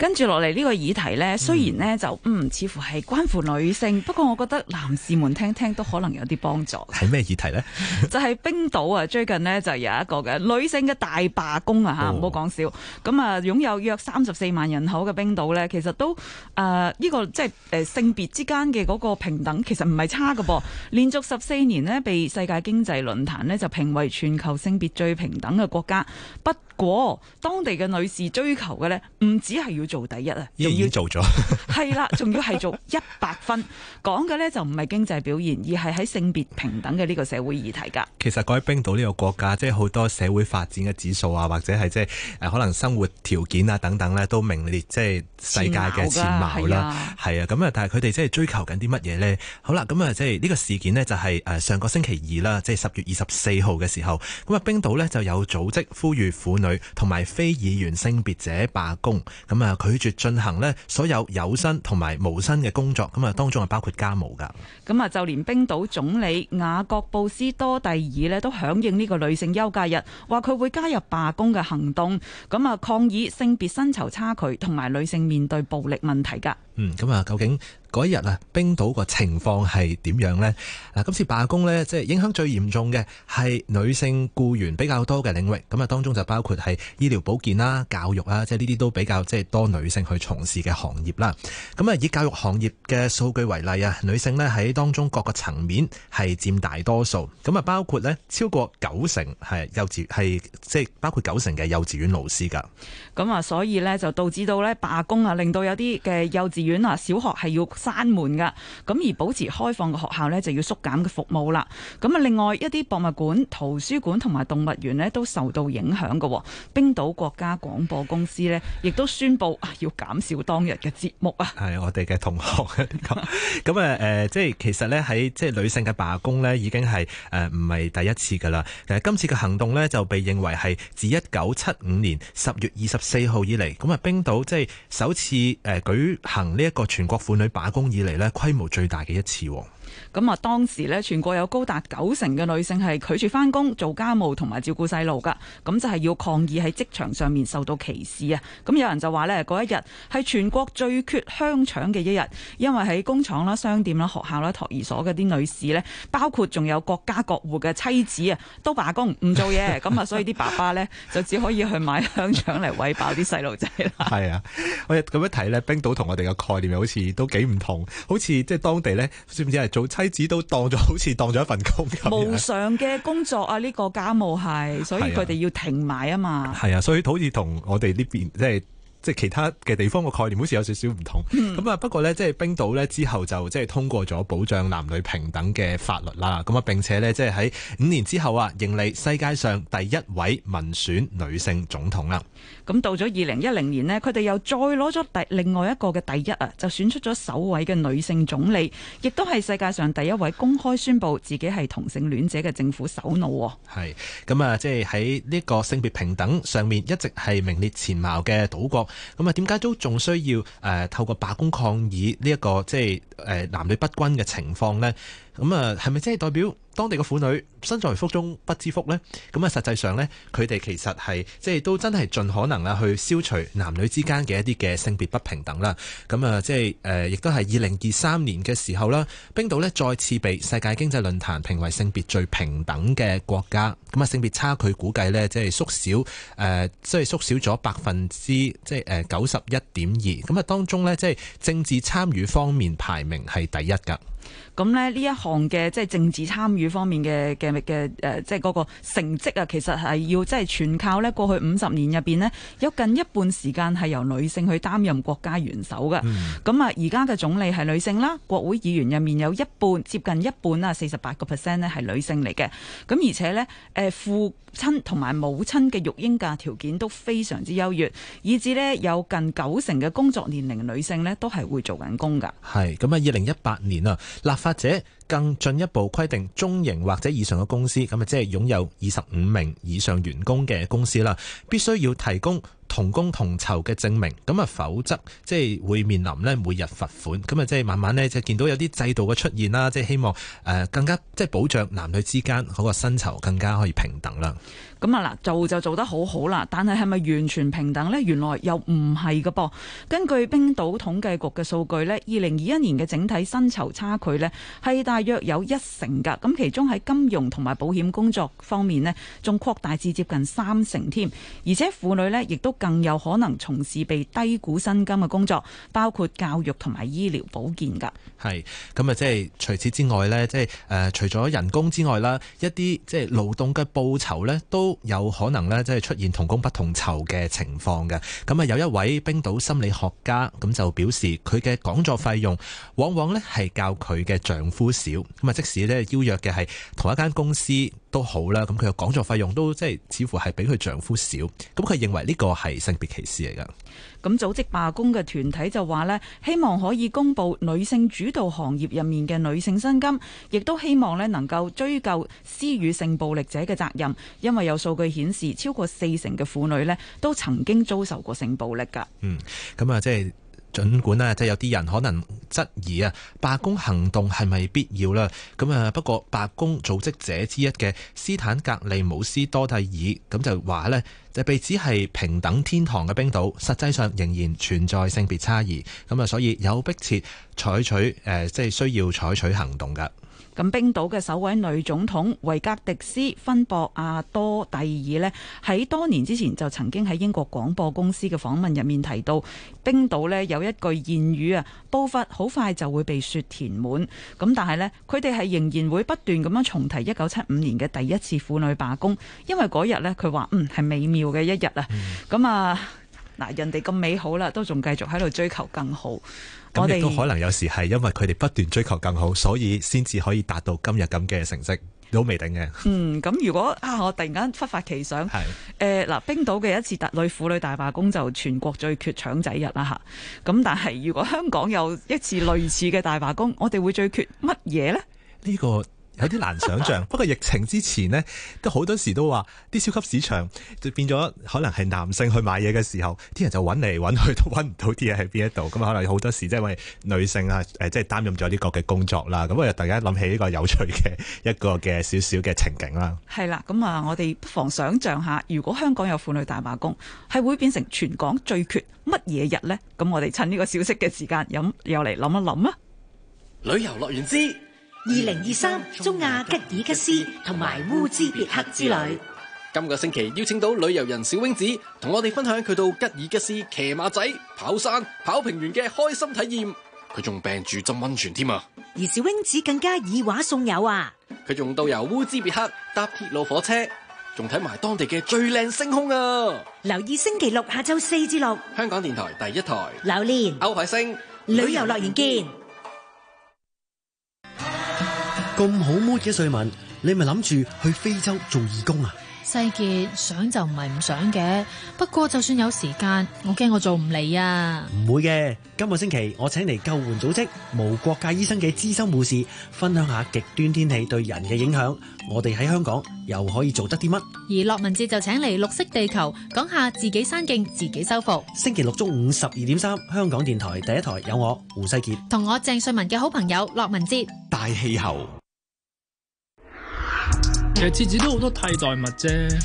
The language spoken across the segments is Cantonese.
跟住落嚟呢個議題呢，雖然呢就嗯似乎係關乎女性，嗯、不過我覺得男士們聽聽都可能有啲幫助。係咩議題呢？ 就係冰島啊！最近呢，就有一個嘅女性嘅大罷工啊！吓、哦，唔好講笑，咁啊，擁有約三十四萬人口嘅冰島呢，其實都誒呢、呃呢個即係性別之間嘅嗰個平等，其實唔係差㗎噃。連續十四年呢，被世界經濟論壇呢就評為全球性別最平等嘅國家。不過當地嘅女士追求嘅呢，唔止係要。做第一啊，已經做咗，係 啦，仲要係做一百分。講嘅呢就唔係經濟表現，而係喺性別平等嘅呢個社會議題噶。其實嗰喺冰島呢個國家，即係好多社會發展嘅指數啊，或者係即係誒可能生活條件啊等等呢，都名列即係世界嘅前茅啦。係啊，咁啊，但係佢哋即係追求緊啲乜嘢呢？好啦，咁啊，即係呢個事件呢，就係、是、誒上個星期二啦，即係十月二十四號嘅時候，咁啊冰島呢就有組織呼籲婦女同埋非議員性別者罷工，咁啊。拒絕進行咧，所有有薪同埋無薪嘅工作，咁啊當中係包括家務噶。咁啊就連冰島總理雅各布斯多蒂爾呢都響應呢個女性休假日，話佢會加入罷工嘅行動，咁啊抗議性別薪酬差距同埋女性面對暴力問題噶。嗯，咁啊究竟？嗰一日啊，冰島個情況係點樣咧？嗱，今次罷工咧，即係影響最嚴重嘅係女性僱員比較多嘅領域。咁啊，當中就包括係醫療保健啦、教育啊，即係呢啲都比較即係多女性去從事嘅行業啦。咁啊，以教育行業嘅數據為例啊，女性咧喺當中各個層面係佔大多數，咁啊，包括咧超過九成係幼稚係即係包括九成嘅幼稚園老師㗎。咁啊，所以咧就導致到咧罷工啊，令到有啲嘅幼稚園啊、小學係要閂門噶，咁而保持開放嘅學校呢，就要縮減嘅服務啦。咁啊，另外一啲博物館、圖書館同埋動物園呢，都受到影響嘅喎。冰島國家廣播公司呢，亦都宣布啊，要減少當日嘅節目啊。係我哋嘅同學咁咁啊，誒，即係其實呢，喺即係女性嘅罷工呢，已經係誒唔係第一次㗎啦。誒今次嘅行動呢，就被認為係自一九七五年十月二十四號以嚟，咁啊冰島即係首次誒舉行呢一個全國婦女罷工以嚟咧規模最大嘅一次喎咁啊，當時咧，全國有高達九成嘅女性係拒絕返工、做家務同埋照顧細路噶，咁就係要抗議喺職場上面受到歧視啊！咁有人就話呢嗰一日係全國最缺香腸嘅一日，因為喺工廠啦、商店啦、學校啦、托兒所嘅啲女士咧，包括仲有各家各戶嘅妻子啊，都罷工唔做嘢，咁啊，所以啲爸爸呢，就只可以去買香腸嚟餵飽啲細路仔。係 啊，我哋咁一睇呢冰島同我哋嘅概念又好似都幾唔同，好似即係當地呢。知唔知係早？妻子都當咗好似當咗一份工咁，無償嘅工作啊！呢、呢個家務係，所以佢哋要停埋啊嘛。係啊，所以好似同我哋呢邊即係。即係其他嘅地方嘅概念，好似有少少唔同。咁啊、嗯，不過咧，即係冰島咧之後就即係通過咗保障男女平等嘅法律啦。咁啊，並且咧，即係喺五年之後啊，迎嚟世界上第一位民選女性總統啦。咁到咗二零一零年咧，佢哋又再攞咗第另外一個嘅第一啊，就選出咗首位嘅女性總理，亦都係世界上第一位公開宣布自己係同性戀者嘅政府首腦，係咁啊，即係喺呢個性別平等上面一直係名列前茅嘅島國。咁啊，點解都仲需要誒透過罷工抗議呢一個即係誒男女不均嘅情況咧？咁啊，係咪即係代表，當地嘅婦女身在福中不知福呢？咁啊實際上呢，佢哋其實係即係都真係盡可能去消除男女之間嘅一啲嘅性別不平等啦。咁啊，即係誒，亦都係二零二三年嘅時候啦，冰島呢再次被世界經濟論壇評為性別最平等嘅國家。咁啊，性別差距估計呢，即係縮小誒，即係縮小咗百分之即係九十一點二。咁啊，當中呢，即係政治參與方面排名係第一㗎。咁呢一行嘅即係政治參與方面嘅嘅嘅誒，即係嗰個成績啊，其實係要即係全靠呢過去五十年入面呢，有近一半時間係由女性去擔任國家元首嘅。咁啊，而家嘅總理係女性啦，國會議員入面有一半接近一半啊，四十八個 percent 呢係女性嚟嘅。咁而且呢，誒父親同埋母親嘅育嬰假條件都非常之優越，以至呢，有近九成嘅工作年齡女性呢都係會做緊工㗎。係咁啊！二零一八年啊。立法者更進一步規定，中型或者以上嘅公司，咁啊即係擁有二十五名以上員工嘅公司啦，必須要提供同工同酬嘅證明，咁啊否則即係會面臨呢每日罰款，咁啊即係慢慢呢，即係見到有啲制度嘅出現啦，即係希望誒更加即係保障男女之間嗰個薪酬更加可以平等啦。咁啊嗱，做就做得好好啦，但係係咪完全平等咧？原來又唔係個噃。根據冰島統計局嘅數據咧，二零二一年嘅整體薪酬差距咧係，大約有一成噶。咁其中喺金融同埋保險工作方面咧，仲擴大至接近三成添。而且婦女咧亦都更有可能從事被低估薪金嘅工作，包括教育同埋醫療保健㗎。係咁啊！即係除此之外咧，即係誒，除咗人工之外啦，一啲即係勞動嘅報酬咧都。有可能咧，即係出現同工不同酬嘅情況嘅。咁啊，有一位冰島心理學家咁就表示，佢嘅講座費用往往呢，係較佢嘅丈夫少。咁啊，即使呢邀約嘅係同一間公司。都好啦，咁佢嘅講座費用都即係似乎係比佢丈夫少，咁佢認為呢個係性別歧視嚟噶。咁組織罷工嘅團體就話咧，希望可以公布女性主導行業入面嘅女性薪金，亦都希望咧能夠追究施予性暴力者嘅責任，因為有數據顯示超過四成嘅婦女咧都曾經遭受過性暴力噶，嗯。嗯，咁啊即係。儘管即係有啲人可能質疑啊，罷工行動係咪必要啦？咁啊，不過罷工組織者之一嘅斯坦格利姆斯多蒂爾咁就話呢，就被指係平等天堂嘅冰島，實際上仍然存在性別差異。咁啊，所以有迫切採取誒，即係需要採取行動噶。咁冰島嘅首位女總統維格迪斯·芬博阿多蒂爾呢，喺多年之前就曾經喺英國廣播公司嘅訪問入面提到，冰島呢有一句諺語啊，步伐好快就會被雪填滿。咁但係呢，佢哋係仍然會不斷咁樣重提一九七五年嘅第一次婦女罷工，因為嗰日呢，佢話，嗯係美妙嘅一日、嗯、啊。咁啊，嗱人哋咁美好啦，都仲繼續喺度追求更好。咁亦都可能有時係因為佢哋不斷追求更好，所以先至可以達到今日咁嘅成績。都未定嘅。嗯，咁如果啊，我突然間忽發奇想，係誒嗱是的、呃，冰島嘅一次特女婦女大罷工就全國最缺腸仔日啦嚇。咁、啊、但係如果香港有一次類似嘅大罷工， 我哋會最缺乜嘢呢？呢、呢個 有啲難想象，不過疫情之前呢，都好多時都話啲超級市場就變咗，可能係男性去買嘢嘅時候，啲人就揾嚟，揾去都揾唔到啲嘢喺邊一度，咁可能有好多時即係為女性啊，即係擔任咗呢個嘅工作啦，咁啊突然間諗起呢個有趣嘅一個嘅少少嘅情景啦。係啦，咁啊我哋不妨想象下，如果香港有婦女大罷工，係會變成全港最缺乜嘢日呢？咁我哋趁呢個消息嘅時間，咁又嚟諗一諗啊！旅遊樂園之。二零二三中亞吉爾吉斯同埋烏茲別克之旅，今個星期邀請到旅遊人小英子同我哋分享佢到吉爾吉斯騎馬仔、跑山、跑平原嘅開心體驗。佢仲病住浸温泉添啊！而小英子更加以畫送友啊！佢仲導遊烏茲別克搭鐵路火車，仲睇埋當地嘅最靚星空啊！留意星期六下晝四至六，香港電台第一台，榴蓮歐派星旅遊樂園見。咁好妹嘅瑞文，你咪諗住去非洲做義工啊？世杰，想就唔係唔想嘅，不過就算有時間，我驚我做唔嚟啊！唔會嘅，今個星期我請嚟救援組織無國界醫生嘅資深護士，分享下極端天氣對人嘅影響。我哋喺香港又可以做得啲乜？而駱文哲就請嚟綠色地球，講下自己山徑自己修復。星期六中午十二點三，香港電台第一台有我胡世杰，同我鄭瑞文嘅好朋友駱文哲，大氣候。其實廁紙都好多替代物啫。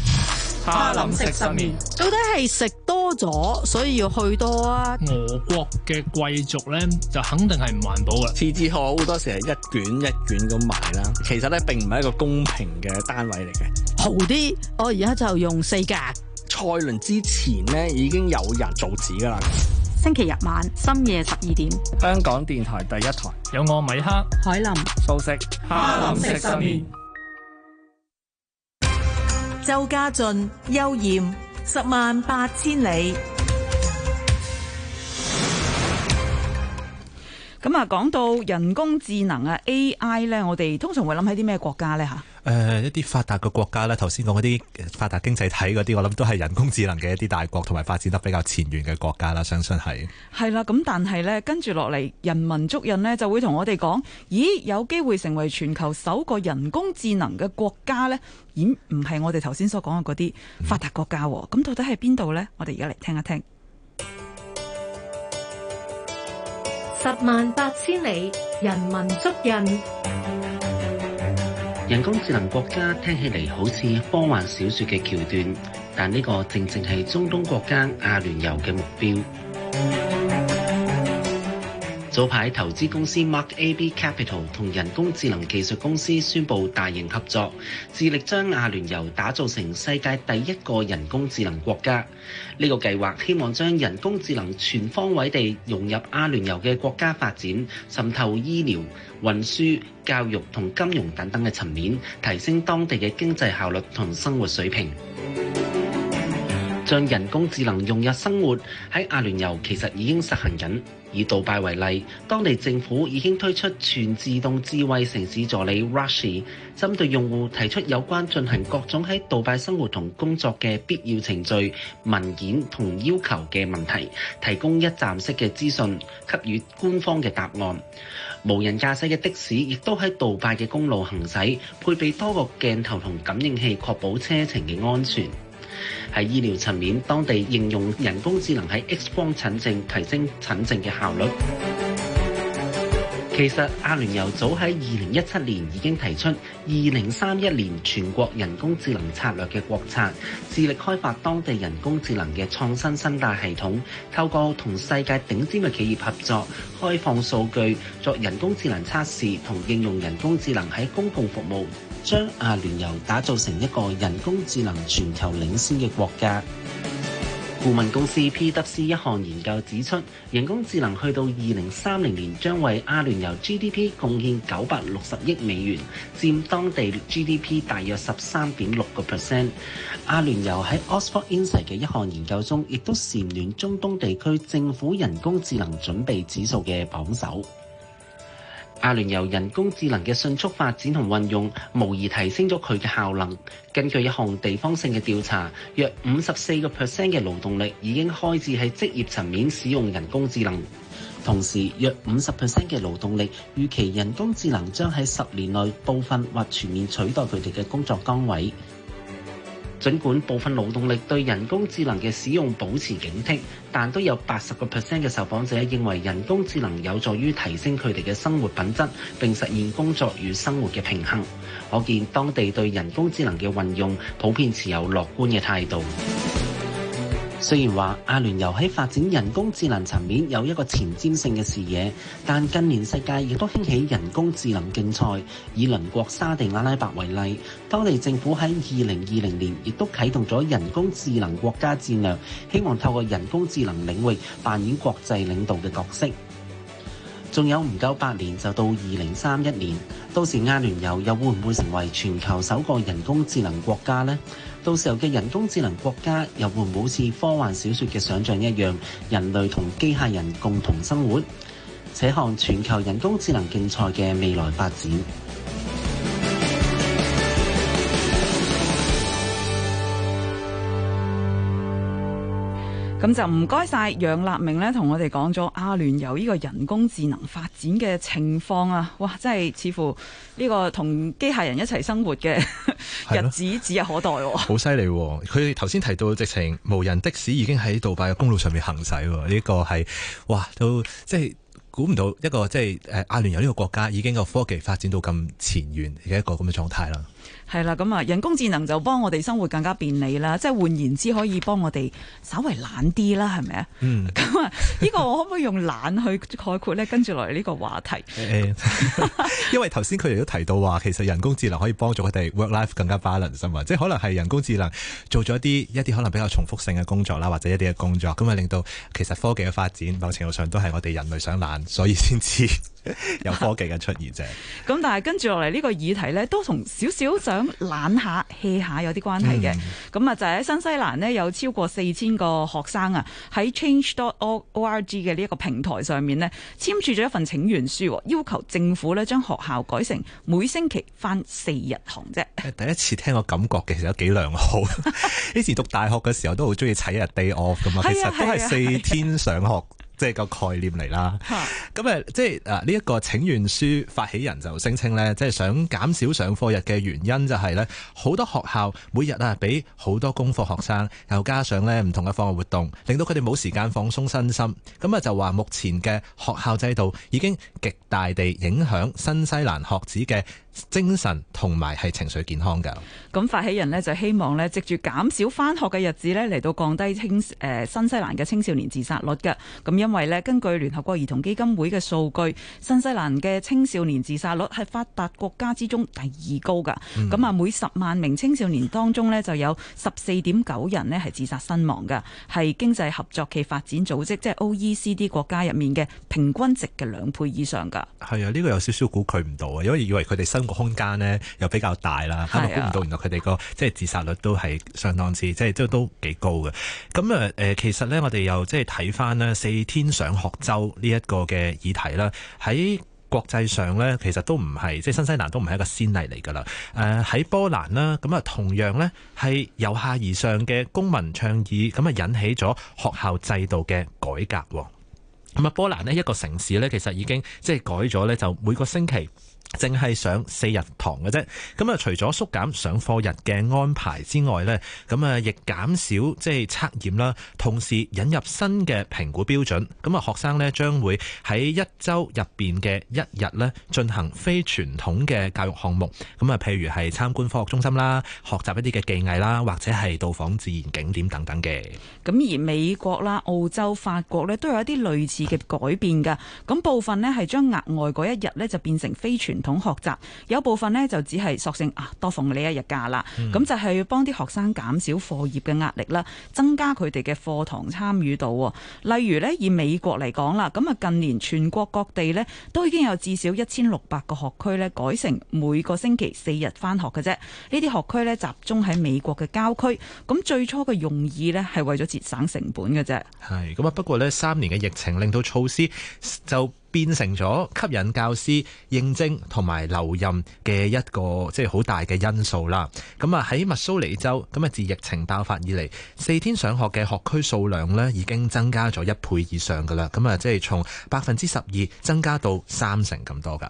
哈林食十麵到底係食多咗，所以要去多啊？俄國嘅貴族咧，就肯定係唔環保嘅。廁紙好，好多時係一卷一卷咁賣啦，其實咧並唔係一個公平嘅單位嚟嘅。豪啲，我而家就用四格。蔡倫之前咧已經有人造紙噶啦。星期日晚深夜十二點，香港電台第一台，有我米克、海林、素食哈林食十麵。周家俊、悠艷，十萬八千里。咁啊，講到人工智能啊，AI 呢我哋通常會諗起啲咩國家呢？吓？誒、呃，一啲發達嘅國家咧，頭先講嗰啲發達經濟體嗰啲，我諗都係人工智能嘅一啲大國，同埋發展得比較前沿嘅國家啦，相信係係啦。咁但係呢，跟住落嚟，人文足印呢，就會同我哋講，咦，有機會成為全球首個人工智能嘅國家呢？咦，唔係我哋頭先所講嘅嗰啲發達國家，咁、嗯、到底係邊度呢？我哋而家嚟聽一聽。十萬八千里，人文足印。人工智能國家聽起嚟好似科幻小説嘅橋段，但呢個正正係中東國家阿聯酋嘅目標。早排，投資公司 Mark AB Capital 同人工智能技術公司宣布大型合作，致力將阿聯酋打造成世界第一個人工智能國家。呢、這個計劃希望將人工智能全方位地融入阿聯酋嘅國家發展，滲透醫療、運輸、教育同金融等等嘅層面，提升當地嘅經濟效率同生活水平。將人工智能融入生活喺阿聯酋其實已經實行緊，以杜拜為例，當地政府已經推出全自動智慧城市助理 Rush，針對用戶提出有關進行各種喺杜拜生活同工作嘅必要程序、文件同要求嘅問題，提供一站式嘅資訊，給予官方嘅答案。無人駕駛嘅的,的士亦都喺杜拜嘅公路行駛，配備多個鏡頭同感應器，確保車程嘅安全。喺醫療層面，當地應用人工智能喺 X 光診症，提升診症嘅效率。其實阿聯酋早喺二零一七年已經提出二零三一年全國人工智能策略嘅國策，致力開發當地人工智能嘅創新生態系統，透過同世界頂尖嘅企業合作，開放數據作人工智能測試同應用人工智能喺公共服務。將阿聯酋打造成一個人工智能全球領先嘅國家。顧問公司 PwC 一項研究指出，人工智能去到二零三零年將為阿聯酋 GDP 貢獻九百六十億美元，佔當地 GDP 大約十三點六個 percent。阿聯酋喺 Oxford Insights 嘅一項研究中，亦都蟬聯中東地區政府人工智能準備指數嘅榜首。阿聯酋人工智能嘅迅速發展同運用，無疑提升咗佢嘅效能。根據一項地方性嘅調查，約五十四個 percent 嘅勞動力已經開始喺職業層面使用人工智能，同時約五十 percent 嘅勞動力預期人工智能將喺十年內部分或全面取代佢哋嘅工作崗位。儘管部分勞動力對人工智能嘅使用保持警惕，但都有八十個 percent 嘅受訪者認為人工智能有助於提升佢哋嘅生活品質，並實現工作與生活嘅平衡。可見當地對人工智能嘅運用普遍持有樂觀嘅態度。雖然話阿聯酋喺發展人工智能層面有一個前瞻性嘅視野，但近年世界亦都興起人工智能競賽。以鄰國沙地阿拉伯為例，當地政府喺二零二零年亦都啟動咗人工智能國家戰略，希望透過人工智能領域扮演國際領導嘅角色。仲有唔夠八年就到二零三一年，到時阿聯酋又會唔會成為全球首個人工智能國家呢？到時候嘅人工智能國家又會唔會好似科幻小説嘅想像一樣，人類同機械人共同生活，且看全球人工智能競賽嘅未來發展。咁就唔該曬楊立明咧，同我哋講咗阿聯酋呢個人工智能發展嘅情況啊！哇，真係似乎呢個同機械人一齊生活嘅日子指日可待喎、啊！好犀利！佢頭先提到直情無人的士已經喺杜拜嘅公路上面行駛，呢、這個係哇都即係估唔到一個即係誒阿聯酋呢個國家已經個科技發展到咁前沿嘅一個咁嘅狀態啦。係啦，咁啊，人工智能就幫我哋生活更加便利啦，即係換言之，可以幫我哋稍微懶啲啦，係咪啊？嗯。咁啊，呢個我可唔可以用懶去概括咧？跟住落嚟呢個話題、哎。誒， 因為頭先佢哋都提到話，其實人工智能可以幫助佢哋 work life 更加 Balance 啊嘛，即係可能係人工智能做咗啲一啲可能比較重複性嘅工作啦，或者一啲嘅工作，咁啊令到其實科技嘅發展某程度上都係我哋人類想懶，所以先至有科技嘅出現啫。咁 但係跟住落嚟呢個議題咧，都同少少。都想懶下氣下有啲關係嘅，咁啊、嗯、就喺新西蘭呢，有超過四千個學生啊喺 Change.org 嘅呢一個平台上面呢，簽署咗一份請願書，要求政府呢，將學校改成每星期返四日堂啫。第一次聽個感覺其實都幾良好， 以前讀大學嘅時候都好中意砌一日 day off 㗎嘛， 其實都係四天上學。 即係個概念嚟啦。咁即係呢一個請願書發起人就聲稱呢即係、就是、想減少上課日嘅原因就係呢，好多學校每日啊俾好多功課學生，又加上呢唔同嘅課外活動，令到佢哋冇時間放鬆身心，咁啊就話目前嘅學校制度已經極大地影響新西蘭學子嘅。精神同埋係情緒健康㗎。咁發起人呢，就希望呢，藉住減少返學嘅日子呢，嚟到降低青誒新西蘭嘅青少年自殺率㗎。咁因為呢，根據聯合國兒童基金會嘅數據，新西蘭嘅青少年自殺率係發達國家之中第二高㗎。咁啊，每十萬名青少年當中呢，就有十四點九人呢係自殺身亡㗎，係經濟合作暨發展組織，即係 OECD 國家入面嘅平均值嘅兩倍以上㗎。係啊，呢個有少少估佢唔到啊，因為以為佢哋生個空間咧，又比較大啦，吓，估唔到原來佢哋個即係自殺率都係相當之，即係都都幾高嘅。咁啊誒，其實咧我哋又即係睇翻咧四天上學周呢一個嘅議題啦。喺國際上咧，其實都唔係，即係新西蘭都唔係一個先例嚟噶啦。誒喺波蘭啦，咁啊同樣咧係由下而上嘅公民倡議，咁啊引起咗學校制度嘅改革。咁啊波蘭呢一個城市咧，其實已經即係改咗咧，就每個星期。淨係上四日堂嘅啫，咁啊除咗縮減上課日嘅安排之外呢，咁啊亦減少即係測驗啦，同時引入新嘅評估標準，咁啊學生呢將會喺一周入邊嘅一日呢進行非傳統嘅教育項目，咁啊譬如係參觀科學中心啦、學習一啲嘅技藝啦，或者係到訪自然景點等等嘅。咁而美國啦、澳洲、法國呢都有一啲類似嘅改變㗎，咁部分呢係將額外嗰一日呢就變成非傳統學習有部分呢，就只係索性啊多放你一日假啦，咁就係要幫啲學生減少課業嘅壓力啦，增加佢哋嘅課堂參與度。例如呢，以美國嚟講啦，咁啊近年全國各地呢，都已經有至少一千六百個學區呢，改成每個星期四日返學嘅啫。呢啲學區呢，集中喺美國嘅郊區，咁最初嘅用意呢，係為咗節省成本嘅啫。係咁啊，不過呢，三年嘅疫情令到措施就。變成咗吸引教師應徵同埋留任嘅一個即係好大嘅因素啦。咁啊喺密蘇里州，咁啊自疫情爆發以嚟，四天上學嘅學區數量咧已經增加咗一倍以上噶啦。咁啊即係從百分之十二增加到三成咁多噶。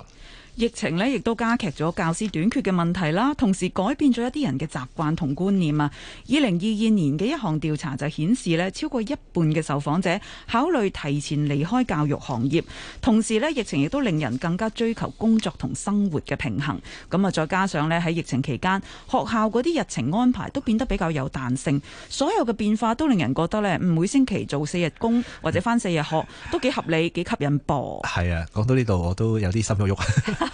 疫情咧，亦都加劇咗教師短缺嘅問題啦。同時改變咗一啲人嘅習慣同觀念啊。二零二二年嘅一項調查就顯示咧，超過一半嘅受訪者考慮提前離開教育行業。同時咧，疫情亦都令人更加追求工作同生活嘅平衡。咁啊，再加上咧喺疫情期間，學校嗰啲日程安排都變得比較有彈性。所有嘅變化都令人覺得咧，唔每星期做四日工或者返四日學，嗯、都幾合理，幾吸引噃。係啊，講到呢度我都有啲心喐喐。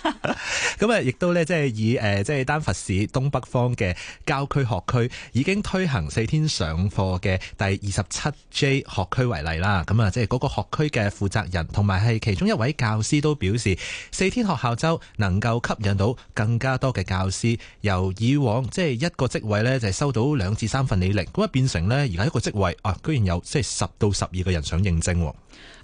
咁啊，亦都咧，即係以誒，即係丹佛市東北方嘅郊區學區已經推行四天上課嘅第二十七 J 學區為例啦。咁啊，即係嗰個學區嘅負責人同埋係其中一位教師都表示，四天學校周能夠吸引到更加多嘅教師。由以往即係一個職位呢，就係收到兩至三份履歷，咁啊變成呢，而家一個職位啊，居然有即係十到十二個人想應徵。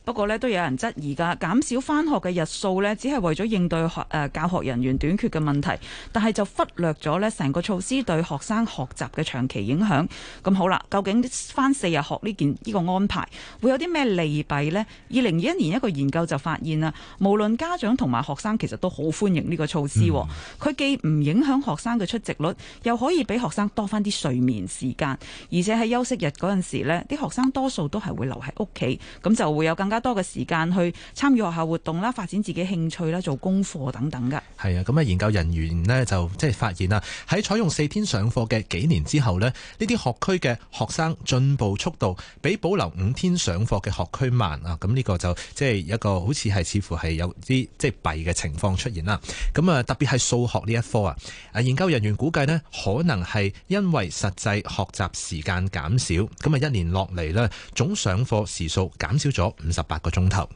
不過呢都有人質疑㗎，減少翻學嘅日數呢只係為咗應對學、呃、教學人員短缺嘅問題，但係就忽略咗呢成個措施對學生學習嘅長期影響。咁好啦，究竟翻四日學呢件呢、呢個安排會有啲咩利弊呢？二零二一年一個研究就發現啦，無論家長同埋學生其實都好歡迎呢個措施、哦。佢、嗯、既唔影響學生嘅出席率，又可以俾學生多翻啲睡眠時間，而且喺休息日嗰陣時啲學生多數都係會留喺屋企，咁就會有更加。多嘅時間去參與學校活動啦，發展自己興趣啦，做功課等等噶。係啊，咁啊研究人員呢就即係發現啦，喺採用四天上課嘅幾年之後呢，呢啲學區嘅學生進步速度比保留五天上課嘅學區慢啊。咁呢個就即係一個好似係似乎係有啲即係弊嘅情況出現啦。咁啊，特別係數學呢一科啊，啊研究人員估計呢可能係因為實際學習時間減少，咁啊一年落嚟呢總上課時數減少咗五十。八個鐘頭。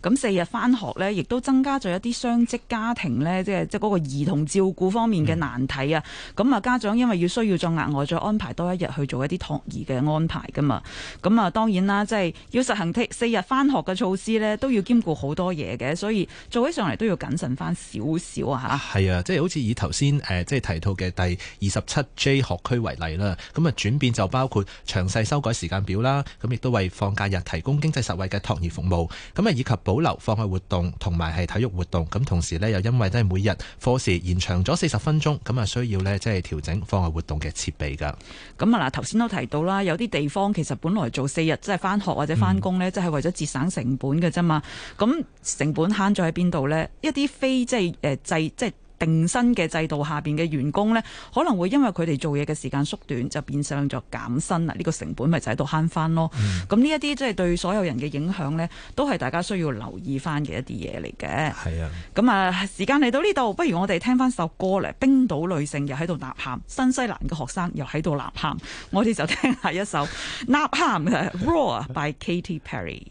咁四日翻學呢，亦都增加咗一啲雙職家庭呢，即係即係嗰個兒童照顧方面嘅難題啊！咁啊、嗯，家長因為要需要再額外再安排多一日去做一啲託兒嘅安排噶嘛。咁啊，當然啦，即係要實行四四日翻學嘅措施呢，都要兼顧好多嘢嘅，所以做起上嚟都要謹慎翻少少啊，吓，係啊，即係好似以頭先誒即係提到嘅第二十七 J 學區為例啦，咁啊轉變就包括詳細修改時間表啦，咁亦都為放假日提供經濟實惠嘅託兒服務，咁啊以及，保留放學活動同埋係體育活動，咁同時咧又因為都係每日課時延長咗四十分鐘，咁啊需要咧即係調整放學活動嘅設備噶。咁啊嗱，頭先都提到啦，有啲地方其實本來做四日即係返學或者返工咧，即係、嗯、為咗節省成本嘅啫嘛。咁成本慳咗喺邊度咧？一啲非即係誒制即係。就是定薪嘅制度下面嘅員工呢，可能會因為佢哋做嘢嘅時間縮短，就變相咗減薪啦。呢個成本咪就喺度慳翻咯。咁呢一啲即係對所有人嘅影響呢都係大家需要留意翻嘅一啲嘢嚟嘅。係啊。咁啊，時間嚟到呢度，不如我哋聽翻首歌嚟。冰島女性又喺度吶喊，新西蘭嘅學生又喺度吶喊。我哋就聽下一首吶喊《Roar》by Katy Perry。